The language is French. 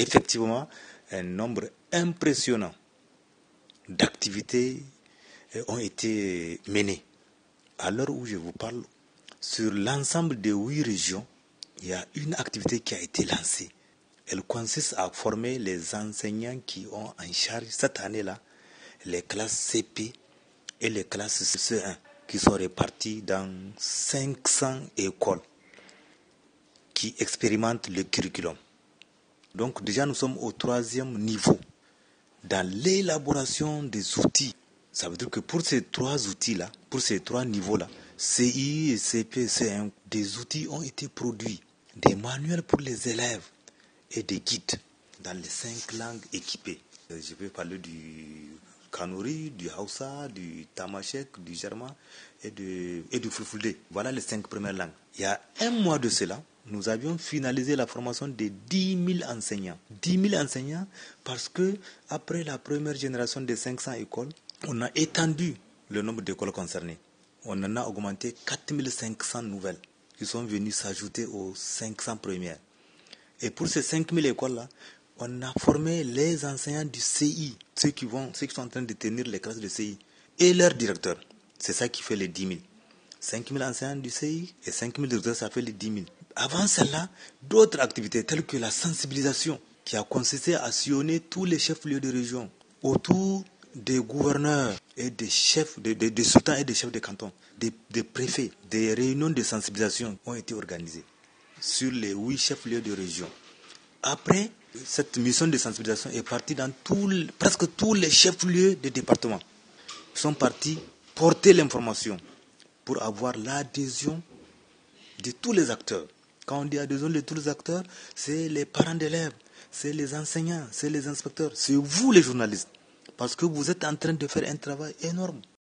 effectivement un nombre impressionnant d'activités euh, ont été menées. À l'heure où je vous parle, sur l'ensemble des huit régions, il y a une activité qui a été lancée. Elle consiste à former les enseignants qui ont en charge cette année-là les classes CP et les classes CE1 qui sont réparties dans 500 écoles qui expérimentent le curriculum. Donc déjà, nous sommes au troisième niveau, dans l'élaboration des outils. Ça veut dire que pour ces trois outils-là, pour ces trois niveaux-là, CI, CP, C1, des outils ont été produits, des manuels pour les élèves et des guides dans les cinq langues équipées. Euh, je vais parler du Kanuri, du Hausa, du Tamashek, du Germain et du, et du Fulfulde. Voilà les cinq premières langues. Il y a un mois de cela, nous avions finalisé la formation de 10 000 enseignants. 10 000 enseignants parce que après la première génération de 500 écoles, on a étendu le nombre d'écoles concernées. On en a augmenté 4 500 nouvelles qui sont venues s'ajouter aux 500 premières. Et pour ces 5 000 écoles-là, on a formé les enseignants du CI, ceux qui, vont, ceux qui sont en train de tenir les classes de CI, et leurs directeurs. C'est ça qui fait les 10 000. 5 000 enseignants du CI et 5 000 directeurs, ça fait les 10 000. Avant cela, d'autres activités telles que la sensibilisation qui a consisté à sillonner tous les chefs-lieux de région autour des gouverneurs et des chefs, des, des, et des chefs de canton, des, préfets, des réunions de sensibilisation ont été organisées sur les huit chefs-lieux de région. Après, cette mission de sensibilisation est partie dans presque tous les chefs-lieux des départements. sont partis porter l'information pour avoir l'adhésion de tous les acteurs. Quand on dit adhésion de tous les acteurs, c'est les parents d'élèves, c'est les enseignants, c'est les inspecteurs, c'est vous les journalistes. Parce que vous êtes en train de faire un travail énorme.